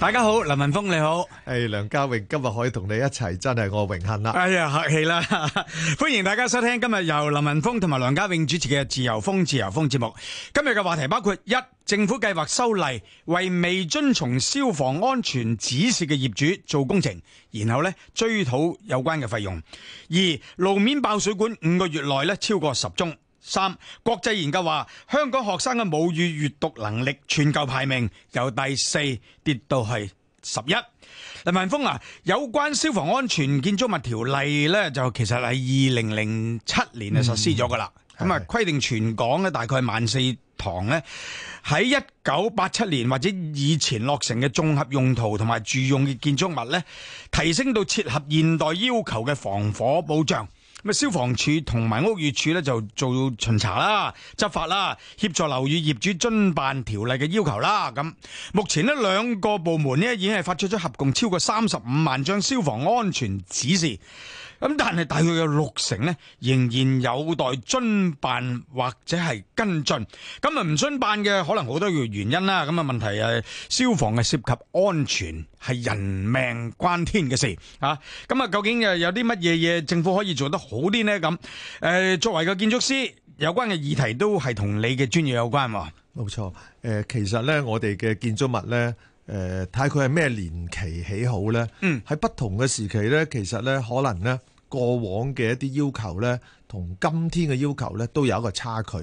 大家好，林文峰你好，係、哎、梁家榮今日可以同你一齊，真係我榮幸啦。哎呀，客氣啦， 歡迎大家收聽今日由林文峰同埋梁家榮主持嘅《自由風自由風》節目。今日嘅話題包括一、政府計劃修例，為未遵從消防安全指示嘅業主做工程，然後呢追討有關嘅費用；二、路面爆水管五個月內呢超過十宗。三、國際研究話，香港學生嘅母語閱讀能力全球排名由第四跌到係十一。林文峰啊，有關消防安全建築物條例呢，就其實係二零零七年啊實施咗噶啦。咁啊規定全港咧，大概萬四幢呢，喺一九八七年或者以前落成嘅綜合用途同埋住用嘅建築物呢，提升到切合現代要求嘅防火保障。消防處同埋屋宇處呢就做巡查啦、執法啦、協助樓宇業主遵辦條例嘅要求啦。咁目前呢兩個部門呢已經係發出咗合共超過三十五萬張消防安全指示。咁但係大約有六成呢仍然有待遵辦或者係跟進。咁啊唔遵辦嘅可能好多原因啦。咁啊問題係消防係涉及安全，係人命關天嘅事啊。咁啊究竟又有啲乜嘢嘢政府可以做得好啲呢？咁誒，作為個建築師，有關嘅議題都係同你嘅專業有關喎。冇錯。誒，其實呢，我哋嘅建築物呢。誒睇佢係咩年期起好咧，喺、嗯、不同嘅時期咧，其實咧可能咧過往嘅一啲要求咧，同今天嘅要求咧，都有一個差距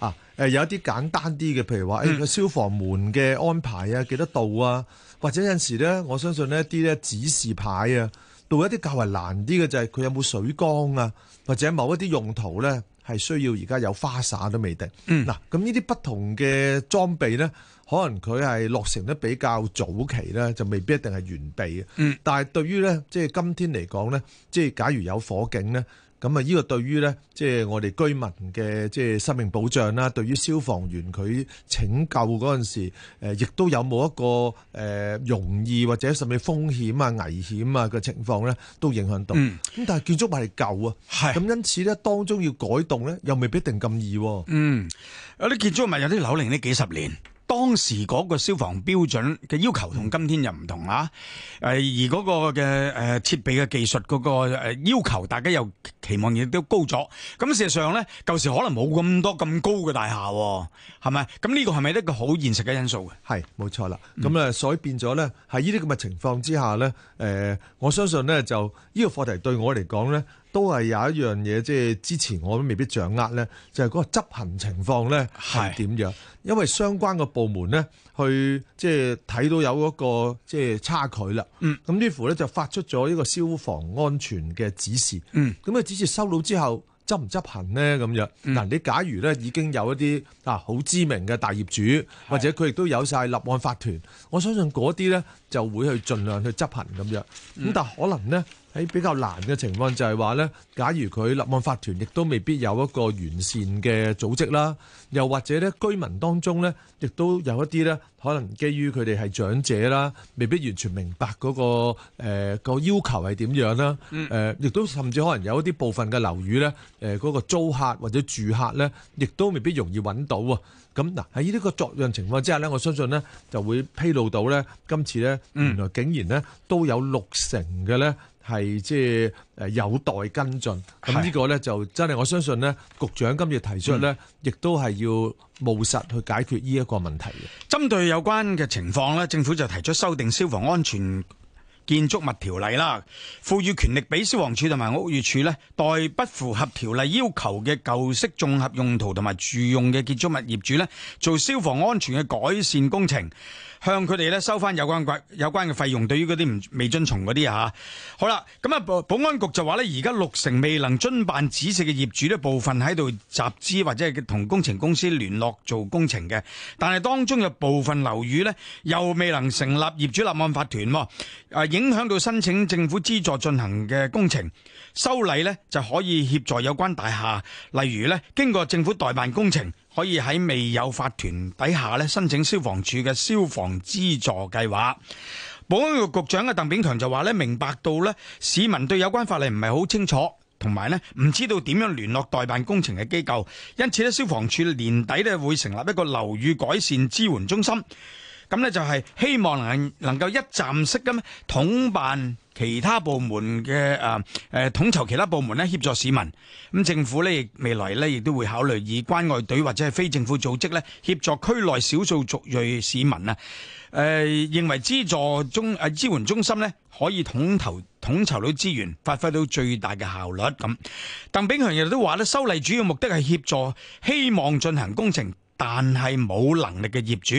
啊！誒、呃、有一啲簡單啲嘅，譬如話誒個消防門嘅安排啊，幾多度啊？或者有陣時咧，我相信呢啲咧指示牌啊，到一啲較為難啲嘅就係、是、佢有冇水缸啊？或者某一啲用途咧，係需要而家有花灑都未定。嗱、嗯，咁呢啲不同嘅裝備咧。可能佢係落成得比較早期咧，就未必一定係完備嘅。嗯，但係對於咧，即係今天嚟講咧，即係假如有火警咧，咁啊呢個對於咧，即係我哋居民嘅即係生命保障啦，對於消防員佢拯救嗰陣時，亦、呃、都有冇一個、呃、容易或者甚至風險啊、危險啊嘅情況咧，都影響到。咁、嗯、但係建築物係舊啊，係咁的，因此咧，當中要改動咧，又未必一定咁易。嗯，有啲建築物有啲樓齡呢幾十年。當時嗰個消防標準嘅要求同今天又唔同啊！呃、而嗰個嘅誒、呃、設備嘅技術嗰個要求，大家又期望亦都高咗。咁事實上咧，舊時可能冇咁多咁高嘅大廈、啊，係咪？咁呢個係咪一個好現實嘅因素嘅、啊？係，冇錯啦。咁啊，所以變咗咧，喺呢啲咁嘅情況之下咧，誒、呃，我相信咧就呢、呢個課題對我嚟講咧。都係有一樣嘢，即係之前我都未必掌握咧，就係、是、嗰個執行情況咧係點樣？是因為相關嘅部門咧，去即係睇到有嗰個即係差距啦。嗯，咁於是乎咧就發出咗一個消防安全嘅指示。嗯，咁嘅指示收到之後執唔執行咧咁樣？嗱、嗯，你假如咧已經有一啲啊好知名嘅大業主，或者佢亦都有晒立案法團，我相信嗰啲咧就會去盡量去執行咁樣。咁但可能咧？喺比較難嘅情況，就係話呢，假如佢立案法團亦都未必有一個完善嘅組織啦，又或者呢，居民當中呢，亦都有一啲呢，可能基於佢哋係長者啦,未必完全明白嗰個，呃、個要求係點樣啦，亦都甚至可能有一啲部分嘅樓宇呢，嗰個租客或者住客呢，亦都未必容易搵到喎。咁，喺呢個作用情況之下呢，我相信呢，就會披露到呢，今次呢，原來竟然呢，都有六成嘅呢，係即係誒有待跟進，咁呢是的 個呢，就真係我相信呢，局長今日提出呢，亦都係要務實去解決呢一個問題嘅。針對有關嘅情況呢，政府就提出修訂消防安全建築物條例啦，賦予權力俾消防處同埋屋宇處呢，對不符合條例要求嘅舊式綜合用途同埋住用嘅建築物業主呢，做消防安全嘅改善工程，向佢哋呢收翻有關關有關嘅費用。對於嗰啲唔未遵從嗰啲啊，好啦，咁啊，保安局就話呢：「而家六成未能遵辦指示嘅業主呢，部分喺度集資或者係同工程公司聯絡做工程嘅，但係當中有部分樓宇呢，又未能成立業主立案法團啊影響到申請政府資助進行嘅工程，修例呢就可以協助有關大廈，例如呢，經過政府代辦工程，可以喺未有法團底下呢申請消防處嘅消防資助計劃。保安局局長嘅鄧炳強就話呢，明白到呢，市民對有關法例唔係好清楚，同埋呢唔知道點樣聯絡代辦工程嘅機構，因此呢，消防處年底呢會成立一個樓宇改善支援中心。咁咧就係希望能夠能夠一站式咁統辦其他部門嘅誒誒，統籌其他部門咧，協助市民。咁政府咧亦未來咧亦都會考慮以關愛隊或者係非政府組織咧，協助區內少數族裔市民啊誒，認為資助中誒支援中心咧可以統籌統籌到資源發揮到最大嘅效率。咁鄧炳強亦都話咧，修例主要目的係協助希望進行工程。但係冇能力嘅業主，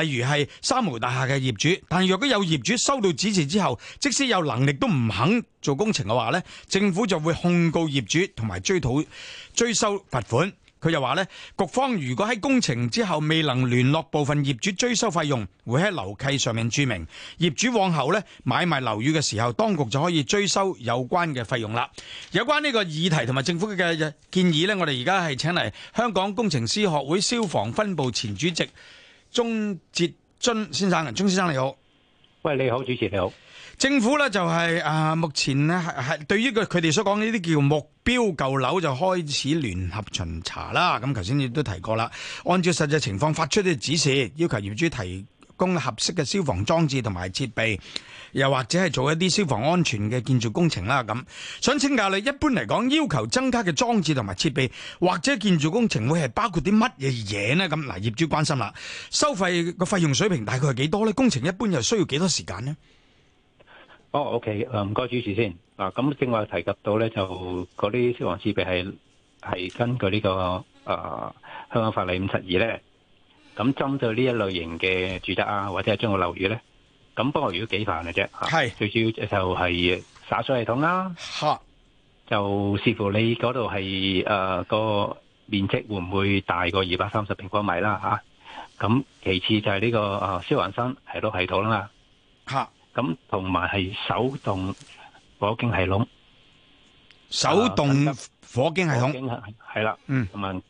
例如係三毛大廈嘅業主，但若果有業主收到指示之後，即使有能力都唔肯做工程嘅話呢，政府就會控告業主同埋追討追收罰款。佢就話咧，局方如果喺工程之後未能聯絡部分業主追收費用，會喺樓契上面注明業主往後咧買賣樓宇嘅時候，當局就可以追收有關嘅費用啦。有關呢個議題同埋政府嘅建議呢，我哋而家係請嚟香港工程師學會消防分部前主席鍾捷臻先生。鍾先生你好，喂，你好，主持你好。政府咧就係啊，目前呢係係對於個佢哋所講呢啲叫目標舊樓就開始聯合巡查啦。咁頭先亦都提過啦，按照實際情況發出啲指示，要求業主提供合適嘅消防裝置同埋設備，又或者係做一啲消防安全嘅建築工程啦。咁想請教你，一般嚟講，要求增加嘅裝置同埋設備或者建築工程會係包括啲乜嘢嘢呢？咁嗱，業主關心啦，收費個費用水平大概係幾多呢？工程一般又需要幾多時間呢？哦、oh，OK，唔該，主持先嗱。咁正話提及到咧，就嗰啲消防設備係係根據呢、這個誒、啊、香港法例五七二咧。咁針對呢一類型嘅住宅啊，或者係綜合樓宇咧，咁不過如果幾煩嘅啫係最主要就係灑水系統啦、啊。吓是就視乎你嗰度係誒個面積會唔會大過二百三十平方米啦、啊、咁、啊、其次就係呢、這個誒、啊、消防栓系統啦、啊。吓咁同埋係手動火警系統，手動火警系統係啦，嗯，同埋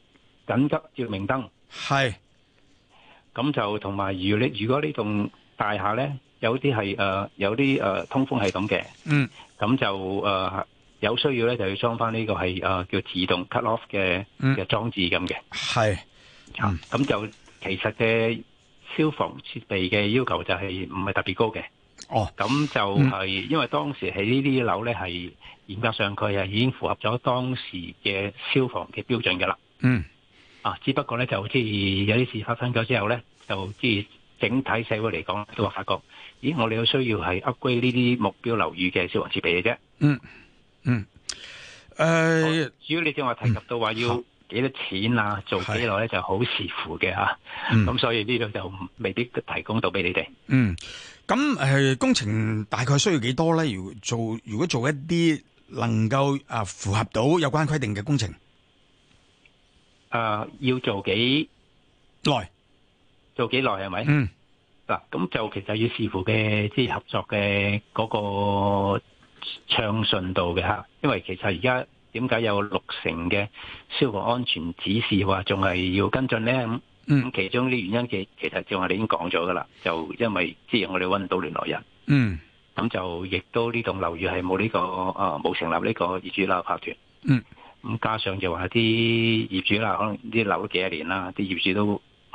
緊急照明燈係。咁就同埋如你，如果呢棟大廈咧有啲係誒有啲誒通風系統嘅，嗯，咁就誒有需要咧就要裝翻呢個係誒叫自動 cut off 嘅嘅裝置咁嘅，係，咁就其實嘅消防設備嘅要求就係唔係特別高嘅。哦，咁就係，因為當時喺呢啲樓咧係嚴格上佢係已經符合咗當時嘅消防嘅標準噶啦。嗯，啊，只不過咧就即係有啲事發生咗之後咧，就即係整體社會嚟講都話發覺，咦，我哋有需要係 upgrade 呢啲目標樓宇嘅消防設備嘅啫、嗯。嗯嗯，誒、哎，主要你正話提及到話、嗯、要幾多錢啊？做幾耐咧就好視乎嘅吓、啊。咁、嗯啊、所以呢度就未必提供到俾你哋。嗯。咁誒、呃，工程大概需要幾多咧？如果做如果做一啲能夠、啊、符合到有關規定嘅工程，誒、呃、要做幾耐？了做幾耐係咪？是是嗯。嗱、啊，咁就其實要視乎嘅即係合作嘅嗰個暢順度嘅吓，因為其實而家點解有六成嘅消防安全指示話仲係要跟進咧？嗯、其中啲原因，其其實就係我哋已經講咗噶啦，就因為即係我哋搵唔到聯絡人，嗯，咁就亦都呢棟樓宇係冇呢個誒冇、啊、成立呢個業主立案法團，嗯，咁加上就話啲業主啦，可能啲樓都幾廿年啦，啲業主都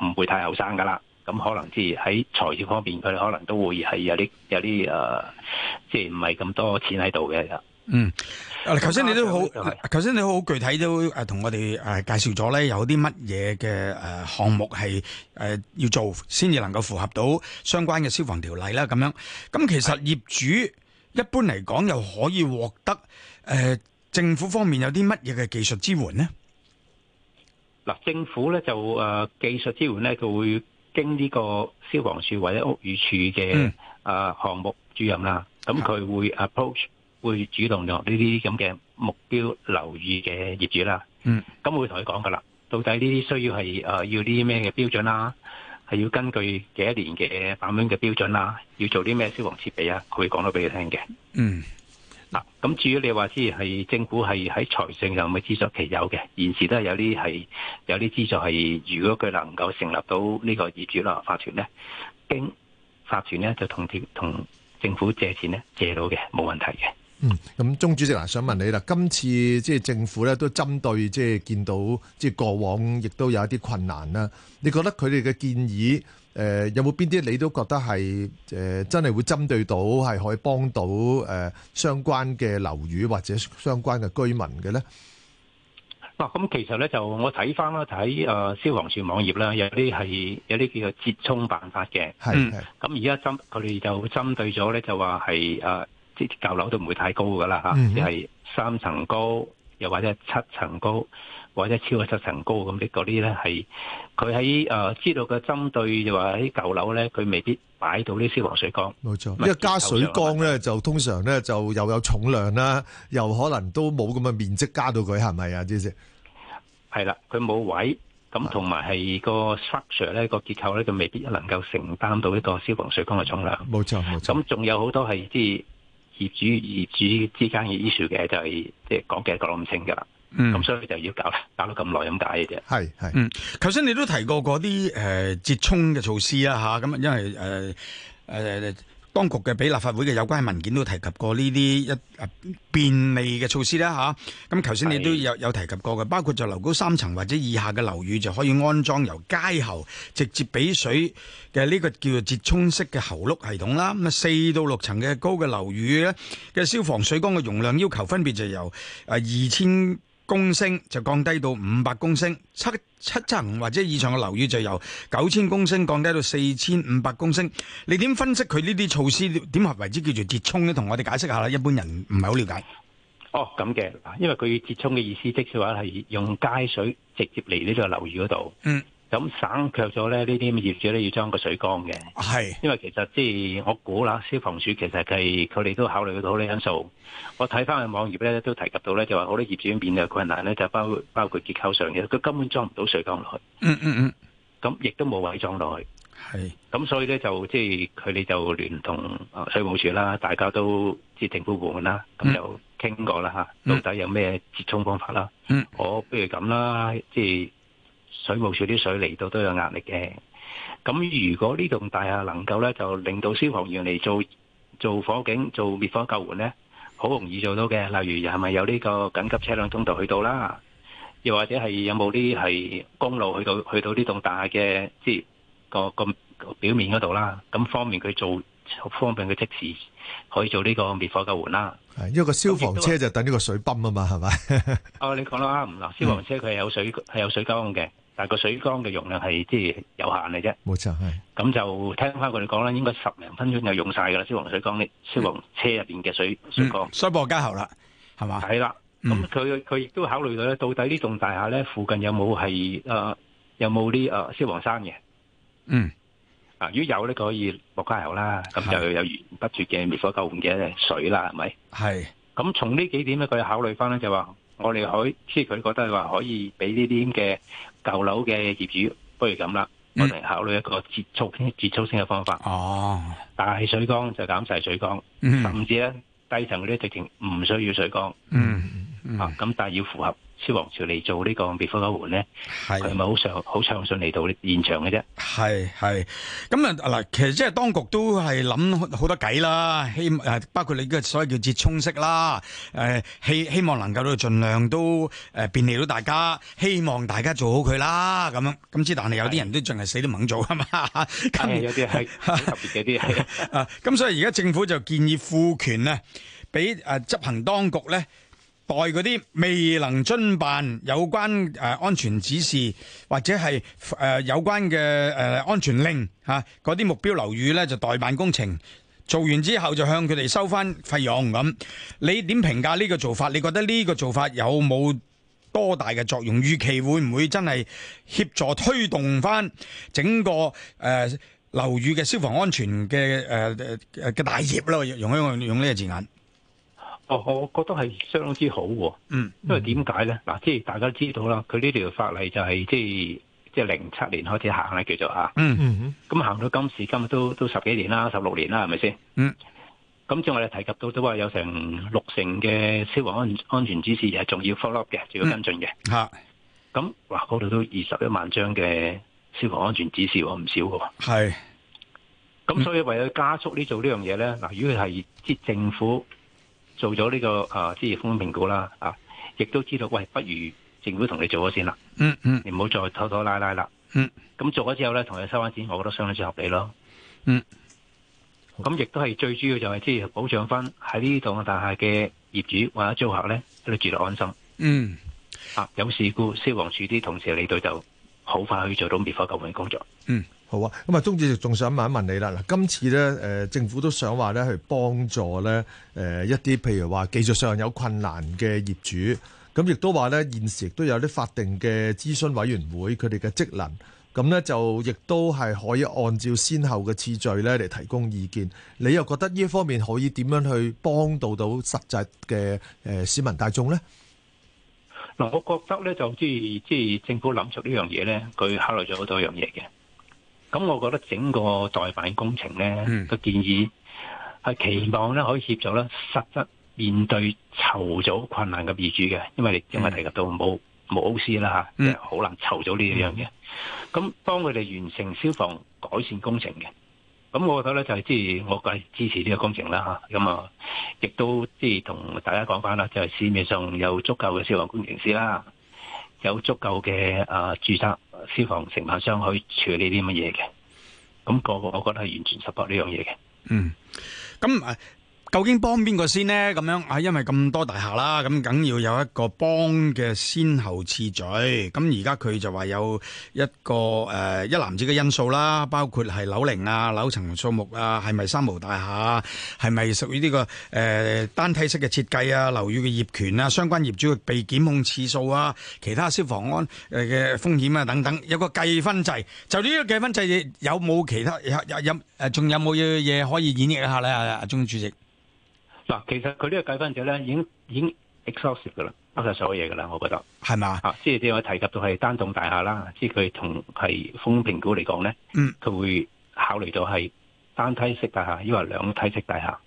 唔會太後生噶啦，咁可能即係喺財政方面，佢哋可能都會係有啲有啲誒、呃，即係唔係咁多錢喺度嘅。嗯，啊、嗯，頭先你都好，頭先你好具體都誒，同我哋誒介紹咗咧，有啲乜嘢嘅誒項目係誒要做，先至能夠符合到相關嘅消防條例啦，咁樣。咁其實業主一般嚟講，又可以獲得誒的、呃、政府方面有啲乜嘢嘅技術支援呢？嗱、呃，政府咧就誒、呃、技術支援咧，佢會經呢個消防署或者屋宇署嘅誒項目主任啦，咁佢會 approach。會主動落呢啲咁嘅目標樓宇嘅業主啦，咁我、mm. 會同佢講噶啦，到底呢啲需要係誒、呃、要啲咩嘅標準啦、啊，係要根據幾多年嘅版本嘅標準啦、啊，要做啲咩消防設備啊，我會講到俾佢聽嘅。嗯、mm. 啊，嗱，咁至於你話之係政府係喺財政上嘅資助其實有嘅，現時都係有啲係有啲資助係，如果佢能夠成立到呢個業主啦，法團咧，經法團咧就同貼同政府借錢咧借到嘅，冇問題嘅。嗯，咁鍾主席嗱，想問你啦，今次即係政府咧都針對，即係見到即係、就是、過往，亦都有一啲困難啦。你覺得佢哋嘅建議，誒、呃，有冇邊啲你都覺得係誒、呃、真係會針對到係可以幫到誒、呃、相關嘅樓宇或者相關嘅居民嘅咧？嗱、啊，咁其實咧就我睇翻啦，睇誒消防署網頁啦，有啲係有啲叫做折衷辦法嘅，係，咁而家針佢哋就針對咗咧，就話係誒。啊啲舊樓都唔會太高㗎啦嚇，即係三層高，又或者七層高，或者超過七層高咁啲嗰啲咧係佢喺誒知道嘅針對，又話啲舊樓咧，佢未必擺到啲消防水缸。冇錯，因為加水缸咧就通常咧就又有重量啦，又可能都冇咁嘅面積加到佢係咪啊？知唔知係啦，佢冇位咁，同埋係個 structure 咧個結構咧，佢未必能夠承擔到呢個消防水缸嘅重量。冇錯冇錯，咁仲有好多係啲。業主業主之間嘅 issue 嘅就係即係講嘅講唔清噶啦，咁、嗯、所以就要搞啦，搞到咁耐咁解嘅啫。係係，嗯，頭先你都提過嗰啲誒折衷嘅措施啊吓，咁因為誒誒。呃呃呃當局嘅俾立法會嘅有關文件都提及過呢啲一誒便利嘅措施啦吓，咁頭先你都有有提及過嘅，包括就樓高三層或者以下嘅樓宇就可以安裝由街喉直接俾水嘅呢個叫做接衝式嘅喉轆系統啦。咁啊四到六層嘅高嘅樓宇呢，嘅消防水缸嘅容量要求分別就由誒二千。公升就降低到五百公升，七層或者以上嘅樓宇就由九千公升降低到四千五百公升。你點分析佢呢啲措施點為之叫做接沖呢？同我哋解釋下啦，一般人唔係好了解。哦，咁嘅，因為佢接沖嘅意思即係話係用街水直接嚟呢個樓宇嗰度。嗯。咁省卻咗咧呢啲咁業主咧要裝個水缸嘅，係是因為其實即係、就是、我估啦，消防處其實係佢哋都考慮到好多因素。我睇翻去網頁咧都提及到咧，就話好多業主面嘅困難咧就包括包括結構上嘅，佢根本裝唔到水缸落去。嗯嗯嗯，咁亦都冇位裝落去。係咁是所以咧就即係佢哋就聯同啊水務署啦，大家都即係政府部門啦，咁、嗯、就傾過啦嚇，嗯、到底有咩折衷方法啦？嗯，我不如咁啦，即係。水務署啲水嚟到都有壓力嘅，咁如果呢棟大廈能夠呢，就令到消防員嚟做做火警、做滅火救援呢，好容易做到嘅。例如係咪有呢個緊急車輛通道去到啦？又或者係有冇啲係公路去到去到呢棟大廈嘅即係個個表面嗰度啦？咁方便佢做。好方便嘅即時可以做呢個滅火救援啦。係，因為個消防車就等呢個水泵啊嘛，係咪？哦、 啊，你講得啱啊，嗱，消防車佢係有水，係、嗯、有水缸嘅，但係個水缸嘅容量係即係有限嘅啫。冇錯，係咁就聽翻佢哋講啦，應該十零分鐘就用晒噶啦，消防水缸消防車入邊嘅水水缸。衰報街喉啦，係嘛？係啦了，咁佢佢亦都考慮到咧，到底呢棟大廈咧附近有冇係有冇啲、呃、消防山嘅？嗯。嗱、啊，如果有咧，佢可以落加油啦，咁就有源源不絕嘅滅火救援嘅水啦，係咪是？係。咁從呢幾點咧，佢考慮翻咧，就話我哋可以，即係佢覺得係話可以俾呢啲咁嘅舊樓嘅業主，不如咁啦，我哋考慮一個節觸節觸性嘅方法。哦，係水缸就減晒水缸，嗯、甚至咧低層嗰啲直情唔需要水缸。嗯，咁、嗯啊、但係要符合。王朝嚟做呢個 before 呢，係咪好想好暢順嚟到現場嘅啫？係係。咁啊，嗱，其實即係當局都係諗好多計啦，希誒包括你呢個所謂叫折衷式啦，誒、呃、希希望能夠都盡量都誒便利到大家，希望大家做好佢啦。咁樣咁知但係有啲人都淨係死都唔肯做，係嘛的？係 那有啲係特別啲係啊，咁所以而家政府就建議賦權啊，俾誒執行當局咧。代嗰啲未能遵辦有關誒安全指示或者係誒有關嘅誒安全令吓，嗰啲目標樓宇咧就代辦工程，做完之後就向佢哋收翻費用咁。你點評價呢個做法？你覺得呢個做法有冇多大嘅作用？預期會唔會真係協助推動翻整個誒樓宇嘅消防安全嘅誒嘅大業咯？用一用呢個字眼。我、哦、我覺得係相當之好喎、啊嗯，嗯，因為點解咧？嗱，即係大家都知道啦，佢呢條法例就係、是、即係即係零七年開始行咧，叫做吓、啊。嗯嗯，咁、嗯、行到今時今日都都十幾年啦，十六年啦，係咪先？嗯，咁即係我哋提及到都話有成六成嘅消防安全指示係仲要 follow up 嘅，仲要跟進嘅嚇。咁嗱、嗯，嗰度都二十一萬張嘅消防安全指示，我唔少嘅喎、啊。咁是所以為咗加速做呢做呢樣嘢咧，嗱，如果係即係政府，做咗呢、這個啊，職業風險評估啦，啊，亦都知道，喂，不如政府同你做咗先啦，嗯嗯，嗯，你唔好再拖拖拉拉啦，嗯，咁、啊、做咗之後咧，同你收翻錢，我覺得相當之合理咯，嗯，咁亦都係最主要就係，即係保障翻喺呢度大廈嘅業主或者租客咧，喺度住得安心，嗯，啊，有事故消防處啲同事嚟到就好快可以做到滅火救援工作，嗯。好啊！咁啊，鍾主席仲想問一問你啦。嗱，今次咧，政府都想話咧，去幫助咧、呃，一啲譬如話技術上有困難嘅業主，咁亦都話咧，現時亦都有啲法定嘅諮詢委員會佢哋嘅職能，咁咧就亦都係可以按照先後嘅次序咧嚟提供意見。你又覺得呢一方面可以點樣去幫到到實際嘅、呃、市民大眾咧？嗱，我覺得咧就即係即係政府諗出呢樣嘢咧，佢考慮咗好多樣嘢嘅。咁我覺得整個代辦工程咧嘅、嗯、建議係期望咧可以協助咧實質面對籌組困難嘅業主嘅，因為因為提及到冇冇 O C 啦嚇，即係好難籌組呢樣嘢。咁幫佢哋完成消防改善工程嘅，咁我覺得咧就係、是、即我，我支持呢個工程啦咁啊，亦都即係同大家講翻啦，就係、是、市面上有足夠嘅消防工程師啦，有足夠嘅註冊。啊注消防承包商可以處理啲乜嘢嘅，咁個個我覺得係完全失敗呢樣嘢嘅。嗯，咁唔係。究竟幫邊個先咧？咁樣啊，因為咁多大廈啦，咁梗要有一個幫嘅先後次序。咁而家佢就話有一個誒一籃子嘅因素啦，包括係樓齡啊、樓層數目啊、係咪三無大廈啊、係咪屬於呢個誒單體式嘅設計啊、樓宇嘅業權啊、相關業主嘅被檢控次數啊、其他消防安誒嘅風險啊等等，有個計分制。就呢個計分制，有冇其他有有有誒仲有冇嘢嘢可以演繹一下咧？阿阿鍾主席。嗱，其實佢呢個計分制咧，已經已經 exhaustive 嘅啦，包曬所有嘢嘅啦，我覺得。係嘛嗎？啊，即係點解提及到係單棟大廈啦？即係佢同係風評估嚟講咧，嗯，佢會考慮到係單梯式大廈，抑或兩梯式大廈。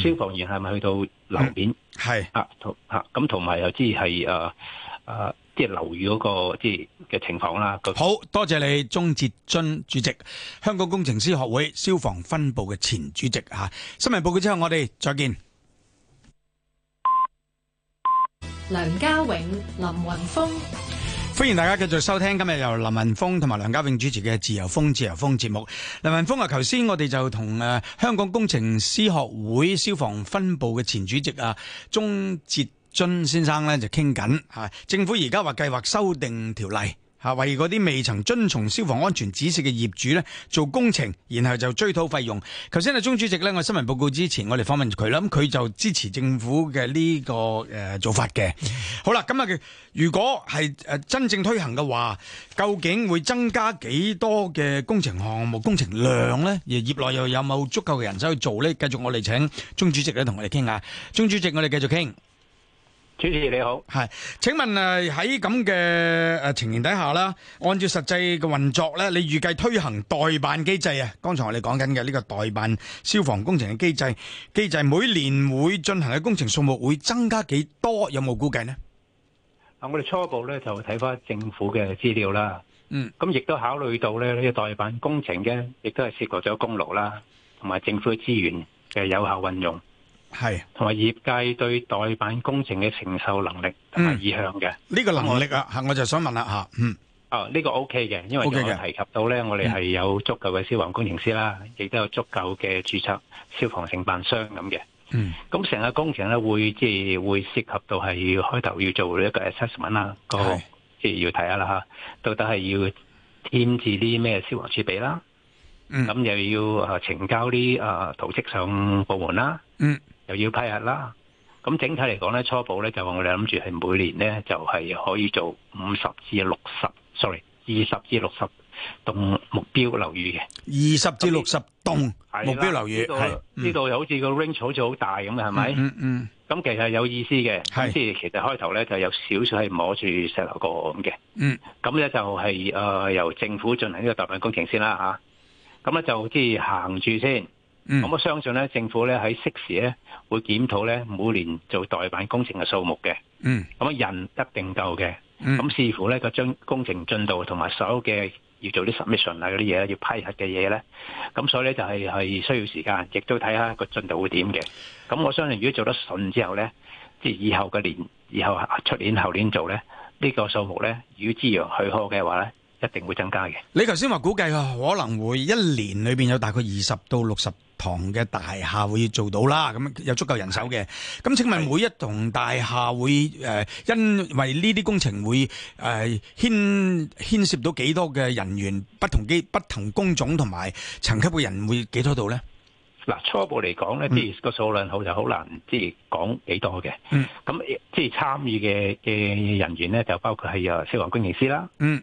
消、嗯、防員係咪去到樓面？係、嗯、啊，同是啊，咁同埋又知係啊啊。即係樓宇嗰個即係嘅情況啦。好多謝你，鍾捷臻主席，香港工程師學會消防分部嘅前主席吓、啊。新聞報告之後，我哋再見。梁家永、林雲峰，歡迎大家繼續收聽今日由林雲峰同埋梁家永主持嘅《自由風》《自由風》節目。林雲峰啊，頭先我哋就同誒、啊、香港工程師學會消防分部嘅前主席啊，鍾捷。尊先生咧就傾緊吓，政府而家話計劃修訂條例吓，為嗰啲未曾遵從消防安全指示嘅業主咧做工程，然後就追討費用。頭先阿鐘主席咧，喺新聞報告之前，我哋訪問佢啦。咁佢就支持政府嘅呢個誒做法嘅。的好啦，咁啊，如果係誒真正推行嘅話，究竟會增加幾多嘅工程項目工程量呢？而業內又有冇足夠嘅人手去做呢？繼續我哋請鍾主席咧同我哋傾下。鍾主席，我哋繼續傾。主持你好。係，請問誒喺咁嘅誒情形底下啦，按照實際嘅運作咧，你預計推行代辦機制啊，剛才我哋講緊嘅呢個代辦消防工程嘅機制，機制每年會進行嘅工程數目會增加幾多？有冇估計呢？啊，我哋初步咧就睇翻政府嘅資料啦，嗯，咁亦都考慮到咧呢個代辦工程嘅，亦都係涉及咗公路啦，同埋政府嘅資源嘅有效運用。係，同埋業界對代辦工程嘅承受能力同埋意向嘅。呢個能力啊，吓我就想問啦吓。嗯。哦，呢個 O K 嘅，因為我提及到咧，我哋係有足夠嘅消防工程師啦，亦都有足夠嘅註冊消防承辦商咁嘅。嗯。咁成個工程咧會即係會涉及到係開頭要做呢一個 assessment 啦，個即係要睇下啦吓，到底係要添置啲咩消防設備啦。嗯。咁又要啊，呈交啲啊圖積上部門啦。嗯。又要批核啦，咁整體嚟講咧，初步咧就我哋諗住係每年咧就係可以做五十至六十，sorry，二十至六十棟目標樓宇嘅。二十至六十棟，目標樓宇呢度又好似個 range 好似好大咁嘅，係咪、嗯的嗯？嗯嗯。咁其實有意思嘅，即係的其實開頭咧就有少少係摸住石頭角咁嘅。嗯。咁咧就係誒由政府進行呢個特別工程先啦吓，咁咧就即係行住先。咁我相信咧，政府咧喺適時咧會檢討咧每年做代辦工程嘅數目嘅。嗯。咁啊，人一定夠嘅。咁視乎咧個進工程進度同埋所有嘅要做啲 submission 嗰啲嘢，要批核嘅嘢咧。咁所以咧就係係需要時間，亦都睇下個進度會點嘅。咁我相信如果做得順之後咧，即係以後嘅年，以後出年後年做咧，呢個數目咧，如果資源去可嘅話咧。一定會增加嘅。你頭先話估計可能會一年裏邊有大概二十到六十堂嘅大廈會做到啦。咁有足夠人手嘅。咁是請問每一棟大廈會誒、呃，因為呢啲工程會誒牽牽涉到幾多嘅人員、不同機、不同工種同埋層級嘅人會幾多度呢？嗱，初步嚟講咧，呢個數量好就好難、嗯，即係講幾多嘅。咁即係參與嘅嘅人員呢就包括係有消防工程師啦。嗯。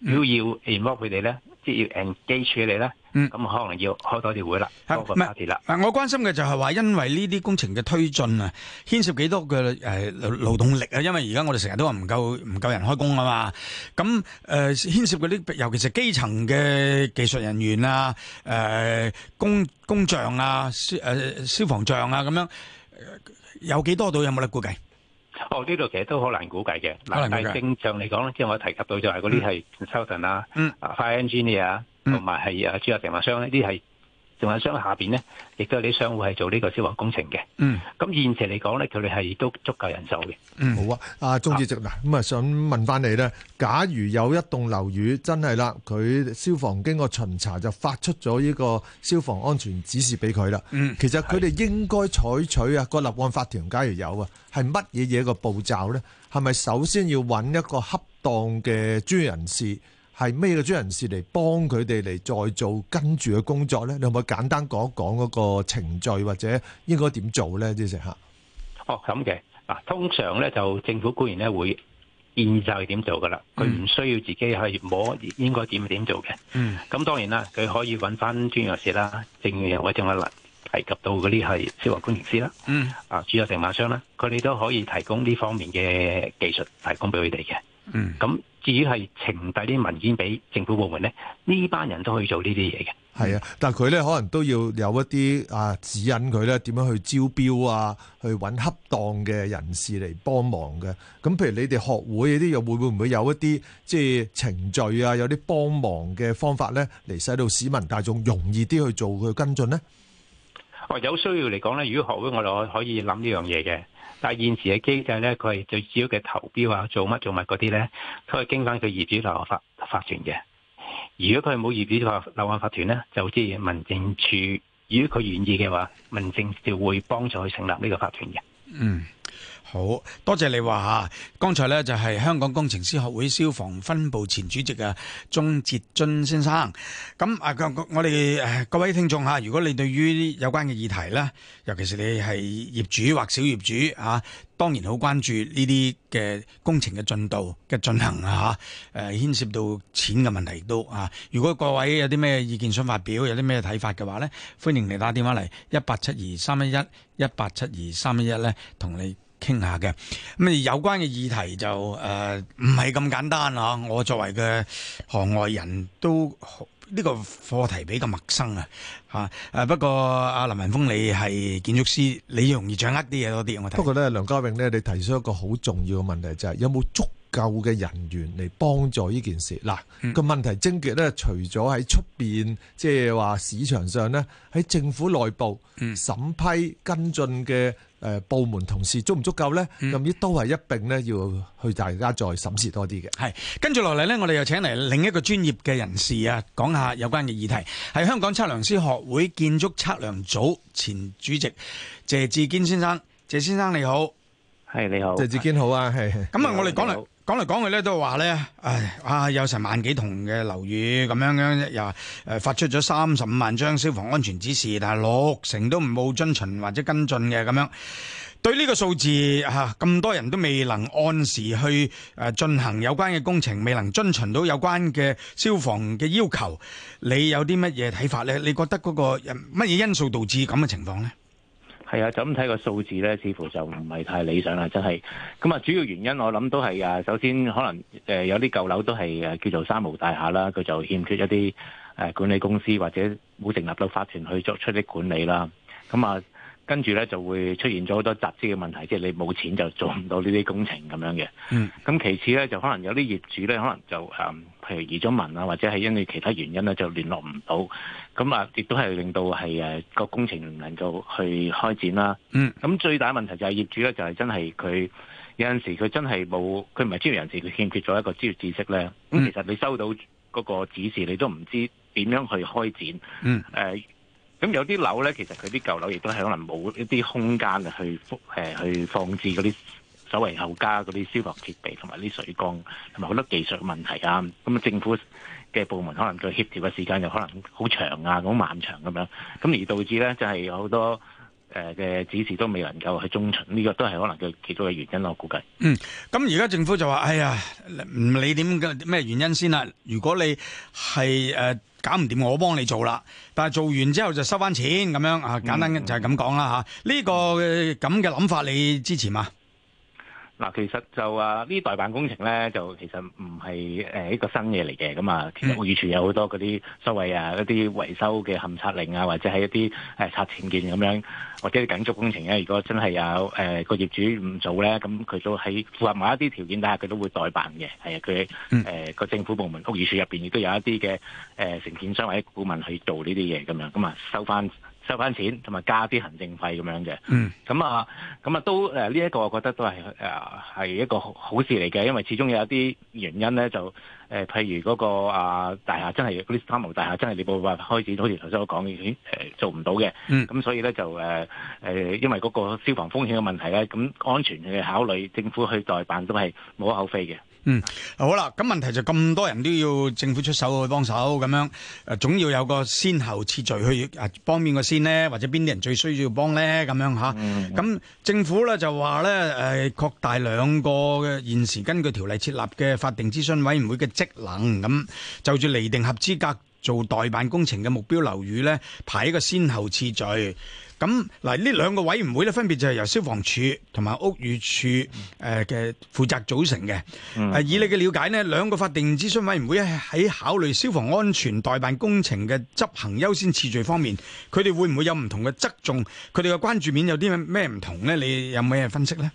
要要 involve 佢哋咧，即要 engage 處理咧，咁、嗯、可能要開多條會啦，啦、那個 party。嗱，我關心嘅就係話，因為呢啲工程嘅推進啊，牽涉幾多嘅誒、呃、勞動力啊？因為而家我哋成日都話唔夠唔夠人開工啊嘛。咁誒、呃、牽涉嗰啲，尤其是基層嘅技術人員啊、誒、呃、工工匠啊、消、呃、消防匠啊，咁樣有幾多度有冇得估計？哦，呢度其實都好難估計嘅。嗱，但係正常嚟講咧，即係我提及到就係 𠮶 啲係 consultant 啦、嗯，嗯，啊 fire engineer 同埋係誒主要係電話商呢啲係。仲有商下邊咧，亦都有啲商戶係做呢個消防工程嘅。嗯，咁現時嚟講咧，佢哋係都足夠人手嘅。嗯，好啊，阿鍾主席，嗱、啊，咁啊想問翻你咧，假如有一棟樓宇真係啦，佢消防經過巡查就發出咗呢個消防安全指示俾佢啦。嗯，其實佢哋應該採取啊，個的立案法團假如有啊，係乜嘢嘢個步驟咧？係咪首先要揾一個恰當嘅專業人士？係咩嘅專業人士嚟幫佢哋嚟再做跟住嘅工作咧？你可唔可以簡單講一講嗰個程序或者應該點做咧？呢隻吓，哦咁嘅，嗱，通常咧就政府官員咧會建議點做噶啦，佢唔需要自己去摸應該點點做嘅。嗯，咁當然啦，佢可以揾翻專業人士啦，正或者正剛才提及到嗰啲係消防工程師啦，嗯，啊，住有承建商啦，佢哋都可以提供呢方面嘅技術提供俾佢哋嘅。嗯，咁。至於係呈遞啲文件俾政府部門咧，呢班人都可以做呢啲嘢嘅。係啊，但係佢咧可能都要有一啲啊指引佢咧點樣去招標啊，去搵恰當嘅人士嚟幫忙嘅。咁譬如你哋學會啲又會會唔會有一啲即係程序啊，有啲幫忙嘅方法咧，嚟使到市民大眾容易啲去做佢跟進咧？哦，有需要嚟講咧，如果學會我哋可以諗呢樣嘢嘅。但係現時嘅機制咧，佢係最主要嘅投標啊，做乜做乜嗰啲咧，佢係經返佢業主立案法法團嘅。如果佢冇業主法立案法團咧，就即係民政處。如果佢願意嘅話，民政就會幫助佢成立呢個法團嘅。嗯。好多謝你話吓，剛才咧就係香港工程師學會消防分部前主席嘅鍾捷臻先生。咁啊，我我哋各位聽眾吓，如果你對於有關嘅議題咧，尤其你是你係業主或小業主吓，啊，當然好關注呢啲嘅工程嘅進度嘅進行啊吓。誒，牽涉到錢嘅問題都啊。如果各位有啲咩意見想發表，有啲咩睇法嘅話咧，歡迎你打電話嚟一八七二三一一一八七二三一一咧，同你。傾下嘅，咁啊，有關嘅議題就誒唔係咁簡單啦。我作為嘅行外人都呢，這個課題比較陌生啊。吓誒，不過阿林文峰，你係建築師，你容易掌握啲嘢多啲。我不過呢，梁家榮呢，你提出一個好重要嘅問題，就係、是、有冇足夠嘅人員嚟幫助呢件事。嗱個問題癥結呢，除咗喺出邊，即係話市場上呢，喺政府內部審批跟進嘅。誒，部門同事足唔足夠咧？咁亦都係一併咧，要去大家再審視多啲嘅。係跟住落嚟咧，我哋又請嚟另一個專業嘅人士啊，講下有關嘅議題。係香港測量師學會建築測量組前主席謝志堅先生。謝先生你好，係你好，謝志堅好啊，係。咁啊，我哋講嚟。講嚟講去咧都話咧，唉啊，有成萬幾棟嘅樓宇咁樣樣，又誒發出咗三十五萬張消防安全指示，但係六成都冇遵循或者跟進嘅咁樣。對呢個數字吓，咁多人都未能按時去誒進行有關嘅工程，未能遵循到有關嘅消防嘅要求，你有啲乜嘢睇法咧？你覺得嗰個乜嘢因素導致咁嘅情況咧？係啊，就咁睇個數字咧，似乎就唔係太理想啦，真係。咁啊，主要原因我諗都係啊，首先可能、呃、有啲舊樓都係、呃、叫做三無大廈啦，佢就欠缺一啲、呃、管理公司或者冇成立到法團去作出啲管理啦。咁啊，跟住咧就會出現咗好多集資嘅問題，即係你冇錢就做唔到呢啲工程咁樣嘅。嗯。咁其次咧，就可能有啲業主咧，可能就、呃譬如移咗民啊，或者係因為其他原因咧，就聯絡唔到，咁啊亦都係令到係誒個工程唔能夠去開展啦。嗯，咁最大問題就係業主咧，就係、是、真係佢有陣時有，佢真係冇，佢唔係專業人士，佢欠缺咗一個專業知識咧。咁、嗯、其實你收到嗰個指示，你都唔知點樣去開展。嗯，誒、呃，咁有啲樓咧，其實佢啲舊樓亦都係可能冇一啲空間去覆、呃、去放置嗰啲。所謂後加嗰啲消防設備同埋啲水缸，同埋好多技術問題啊！咁啊，政府嘅部門可能佢協調嘅時間就可能好長啊，好漫長咁樣，咁而導致咧就係有好多誒嘅、呃、指示都未能夠去中巡，呢、這個都係可能嘅其中嘅原因咯，我估計。嗯，咁而家政府就話：哎呀，唔理點嘅咩原因先啦、啊。如果你係誒、呃、搞唔掂，我幫你做啦。但係做完之後就收翻錢咁樣啊，簡單就係咁講啦嚇。呢個咁嘅諗法，你支持嘛、啊？嗱，其實就啊，呢代辦工程咧，就其實唔係誒一個新嘢嚟嘅，咁、嗯、啊，其實屋宇署有好多嗰啲所謂啊、一啲維修嘅勘察令啊，或者係一啲誒、呃、拆遷件咁樣，或者啲緊急工程咧、啊，如果真係有誒個、呃、業主唔做咧，咁佢都喺符合某一啲條件底下，佢都會代辦嘅，係啊，佢誒個政府部門屋宇署入面，亦都有一啲嘅誒承建商或者顧問去做呢啲嘢咁樣，咁、嗯、啊收翻。收翻錢同埋加啲行政費咁樣嘅，咁啊、嗯，咁啊、嗯嗯嗯、都誒呢一個我覺得都係誒係一個好事嚟嘅，因為始終有一啲原因咧就誒、呃，譬如嗰、那個啊、呃、大廈真係嗰啲商務大廈真係你冇辦法開始，好似頭先我講嘅誒做唔到嘅，咁、嗯嗯、所以咧就誒誒、呃，因為嗰個消防風險嘅問題咧，咁安全去考慮，政府去代辦都係無可厚非嘅。嗯，好啦，咁問題就咁多人都要政府出手去幫手咁樣，誒，總要有個先後次序去，誒，幫邊個先呢，或者邊啲人最需要幫呢？咁樣吓。咁、嗯、政府呢就話呢，誒、呃，擴大兩個現時根據條例設立嘅法定諮詢委員會嘅職能，咁就住釐定合資格做代辦工程嘅目標樓宇呢，排一個先後次序。咁嗱，呢兩個委員會咧，分別就係由消防處同埋屋宇署誒嘅負責組成嘅。誒以你嘅了解咧，兩個法定諮詢委員會喺考慮消防安全代辦工程嘅執行優先次序方面，佢哋會唔會有唔同嘅側重？佢哋嘅關注面有啲咩唔同咧？你有冇咩分析咧？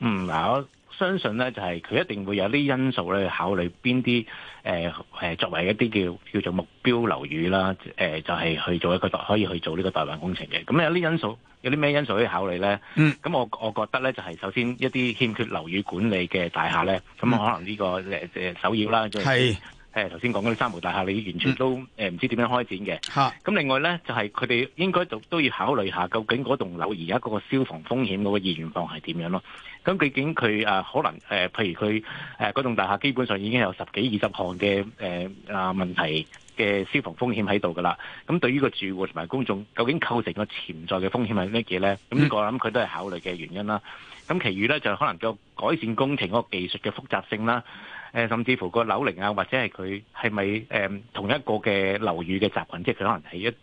嗯，嗱，我相信咧就係、是、佢一定會有啲因素咧去考慮邊啲，誒、呃、誒，作為一啲叫叫做目標樓宇啦，誒、呃，就係、是、去做一個代可以去做呢個代辦工程嘅。咁有啲因素，有啲咩因素可以考慮咧？嗯，咁我我覺得咧就係、是、首先一啲欠缺樓宇管理嘅大廈咧，咁可能呢個誒誒首要啦、就是，係。誒頭先講嗰啲三無大廈，你完全都誒唔知點樣開展嘅。咁另外咧，就係佢哋應該就都要考慮下，究竟嗰棟樓而家嗰個消防風險嗰個現況係點樣咯？咁畢竟佢可能誒，譬如，啊，佢誒嗰棟大廈基本上已經有十幾二十項嘅誒啊問題嘅消防風險喺度噶啦。咁對於個住戶同埋公眾，究竟構成個潛在嘅風險係咩嘢咧？咁呢個我諗佢都係考慮嘅原因啦。咁其餘咧就係、可能個改善工程嗰個技術嘅複雜性啦。誒，甚至乎個樓齡啊，或者係佢係咪誒同一個嘅樓宇嘅集群，即係佢可能係一。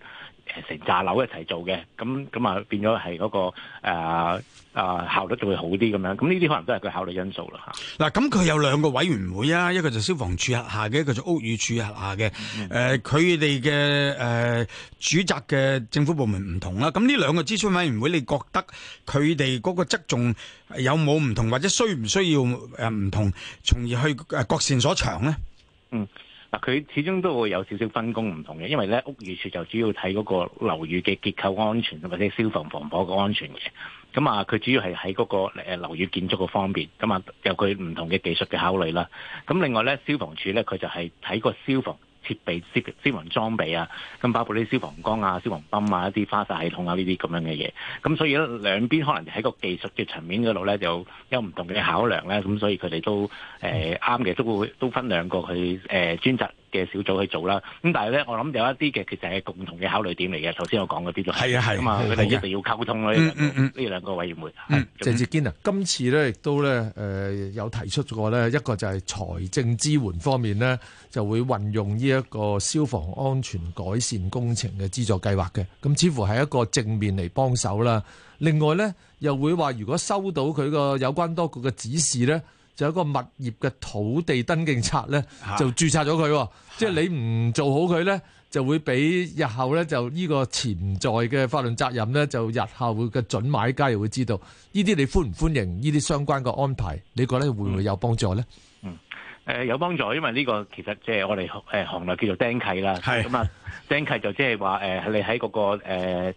樓成炸樓一齊做嘅，咁咁啊變咗係嗰個誒誒效率就會好啲咁樣，咁呢啲可能都係佢考慮因素啦吓。嗱，咁佢有兩個委員會啊，一個就消防處轄下嘅，一個就屋宇署轄下嘅。誒、mm，佢哋嘅誒，主責嘅政府部門唔同啦、啊。咁呢兩個諮詢委員會，你覺得佢哋嗰個側重有冇唔同，或者需唔需要誒唔、呃、同，從而去誒、呃、各擅所長咧？嗯、mm。Hmm. 嗱，佢始終都會有少少分工唔同嘅，因為咧屋宇署就主要睇嗰個樓宇嘅結構安全，或者消防防火嘅安全嘅。咁啊，佢主要係喺嗰個誒樓宇建築嘅方面，咁啊，有佢唔同嘅技術嘅考慮啦。咁另外咧，消防處咧佢就係睇個消防設備、消消防裝備啊，咁包括啲消防桿啊、消防泵啊、一啲花灑系統啊，呢啲咁樣嘅嘢，咁所以咧兩邊可能喺個技術嘅層面嗰度咧，就有唔同嘅考量咧、啊，咁所以佢哋都誒啱嘅，都會都分兩個去誒、呃、專責嘅小組去做啦，咁但係咧，我諗有一啲嘅其實係共同嘅考慮點嚟嘅。頭先我講嗰啲都係，咁啊，佢哋一定要溝通，呢兩呢兩個委員會。謝志堅啊，今次咧亦都咧誒有提出過咧，一個就係財政支援方面呢，就會運用呢一個消防安全改善工程嘅資助計劃嘅，咁似乎係一個正面嚟幫手啦。另外咧，又會話如果收到佢個有關多局嘅指示咧。就有一個物業嘅土地登記冊咧，就註冊咗佢，哦。啊、即係你唔做好佢咧，就會俾日後咧就呢個潛在嘅法律責任咧，就日後嘅準買家又會知道呢啲你歡唔歡迎呢啲相關嘅安排。你覺得會唔會有幫助咧，嗯？嗯、呃，有幫助，因為呢個其實即係我哋行內叫做釘契啦。係咁啊，釘契就即係話你喺嗰，嗰個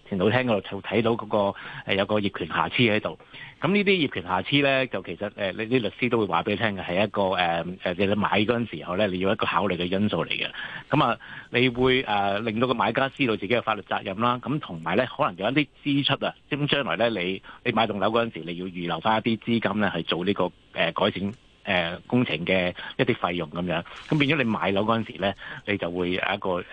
田土廳嗰度就睇到嗰，嗰個、呃、有個業權瑕疵喺度。咁呢啲業權瑕疵咧，就其實誒，你、呃、啲律師都會話俾你聽嘅，係一個誒誒，其實、呃、買嗰陣時候咧，你要一個考慮嘅因素嚟嘅。咁啊，你會誒、呃、令到個買家知道自己嘅法律責任啦。咁同埋咧，可能有一啲支出啊，即將將來咧，你你買棟樓嗰陣時，你要預留翻一啲資金咧，去做呢、這個誒、呃、改善。誒工程嘅一啲費用咁樣，咁變咗你買樓嗰陣時咧，你就會有一個誒、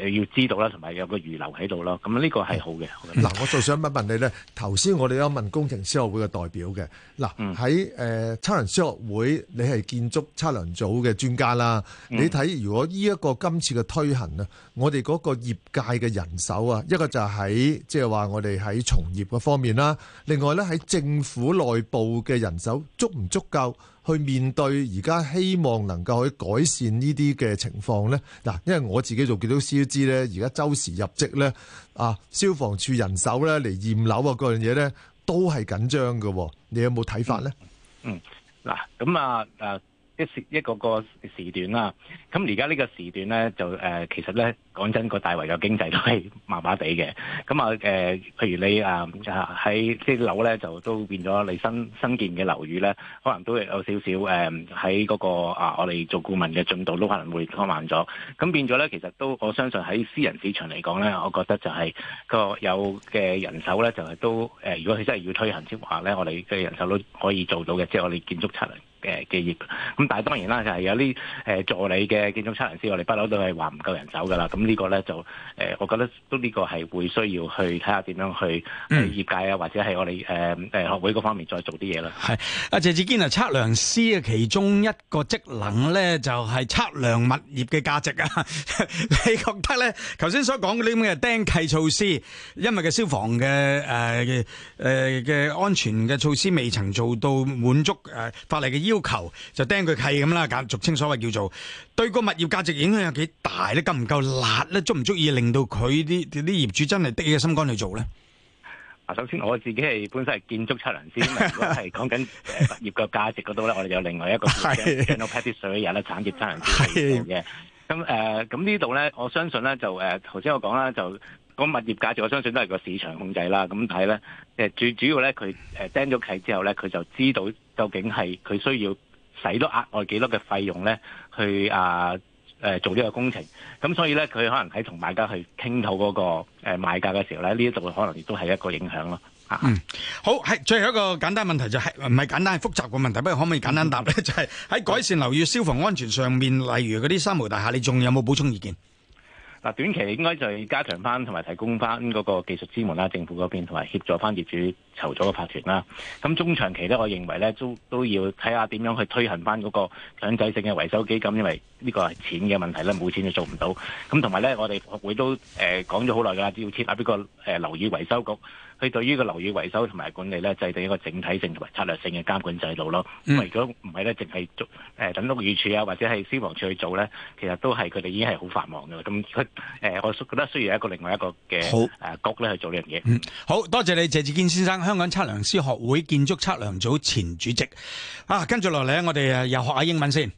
呃、要知道啦，同埋有個預留喺度咯。咁呢個係好嘅嗱。嗯、我就想問問你咧，頭先我哋有問工程師學會嘅代表嘅嗱，喺誒測量師學會，你係建築測量組嘅專家啦。嗯、你睇如果呢一個今次嘅推行啊，我哋嗰個業界嘅人手啊，一個就喺即係話我哋喺從業嘅方面啦，另外咧喺政府內部嘅人手足唔足夠？去面對而家，希望能夠去改善這些情況呢啲嘅情況咧。嗱，因為我自己做建築消知咧，而家周時入職咧，啊，消防處人手咧嚟驗樓啊，嗰樣嘢咧都係緊張嘅。你有冇睇法咧，嗯？嗯，嗱，咁啊，誒、啊，一時一個個時段啦。咁而家呢個時段咧，就誒、呃，其實咧。講真，個大圍個經濟都係麻麻地嘅。咁啊，誒、呃，譬如你啊，喺啲樓咧，就都變咗。你新新建嘅樓宇咧，可能都係有少少誒，喺、嗯、嗰、那個啊，我哋做顧問嘅進度都可能會拖慢咗。咁變咗咧，其實都我相信喺私人市場嚟講咧，我覺得就係、是、個有嘅人手咧，就係、是、都誒、呃。如果佢真係要推行的話咧，我哋嘅人手都可以做到嘅，即、就、係、是、我哋建築測量嘅業。咁但係當然啦，就係、是、有啲誒助理嘅建築測量師，我哋不嬲都係話唔夠人手㗎啦。咁這個呢個咧就誒、呃、我覺得都呢個係會需要去睇下點樣去、呃嗯、業界啊，或者係我哋誒誒學會嗰方面再做啲嘢啦。係阿、啊、謝志堅啊，測量師嘅其中一個職能咧，就係、是、測量物業嘅價值啊。 你覺得咧？頭先所講啲咁嘅釘契措施，因為嘅消防嘅誒嘅誒嘅安全嘅措施未曾做到滿足誒、呃、法例嘅要求，就釘佢契咁啦，簡俗稱所謂叫做對個物業價值影響有幾大咧？夠唔夠難？咧足唔足以令到佢啲啲業主真係的起心肝去做咧？啊，首先我自己係本身係建築測量師，我係講緊物業嘅價值嗰度咧，我哋有另外一個叫做 General Practice Surveyor 啦，er, 產業測量師嚟嘅。咁誒， 咁、呃、呢度咧，我相信咧就誒，頭先我講啦，就個、呃、物業價值，我相信都係個市場控制啦。咁但係咧，誒、呃，最主，主要咧，佢誒釘咗契之後咧，佢就知道究竟係佢需要使多額外幾多嘅費用咧，去啊。呃誒，做呢個工程，咁所以咧，佢可能喺同買家去傾討嗰個誒買價嘅時候咧，呢一度可能亦都係一個影響咯。啊、嗯，好，係最後一個簡單問題就係唔係簡單，係複雜嘅問題，不過可唔可以簡單答咧？嗯、 就係喺改善樓宇對消防安全上面，例如嗰啲三無大廈，你仲有冇補充意見？嗱，短期應該就係加強翻同埋提供翻嗰個技術支援啦，政府嗰邊同埋協助翻業主籌咗個法團啦。咁中長期咧，我認為咧都都要睇下點樣去推行翻嗰個強制性嘅維修基金，因為呢個係錢嘅問題咧，冇錢就做唔到。咁同埋咧，我哋學會都誒、呃、講咗好耐㗎啦，要設立呢個誒樓宇維修局。佢對於個樓宇維修同埋管理咧，制定一個整體性同埋策略性嘅監管制度咯。嗯。咁如果唔係咧，淨係做等屋宇署啊或者係消防署去做咧，其實都係佢哋已經係好繁忙嘅。咁佢誒，我覺得需要一個另外一個嘅誒局咧好去做呢樣嘢。好多謝你，謝志堅先生，香港測量師學會建築測量組前主席。啊，跟住落嚟咧，我哋又學下英文先。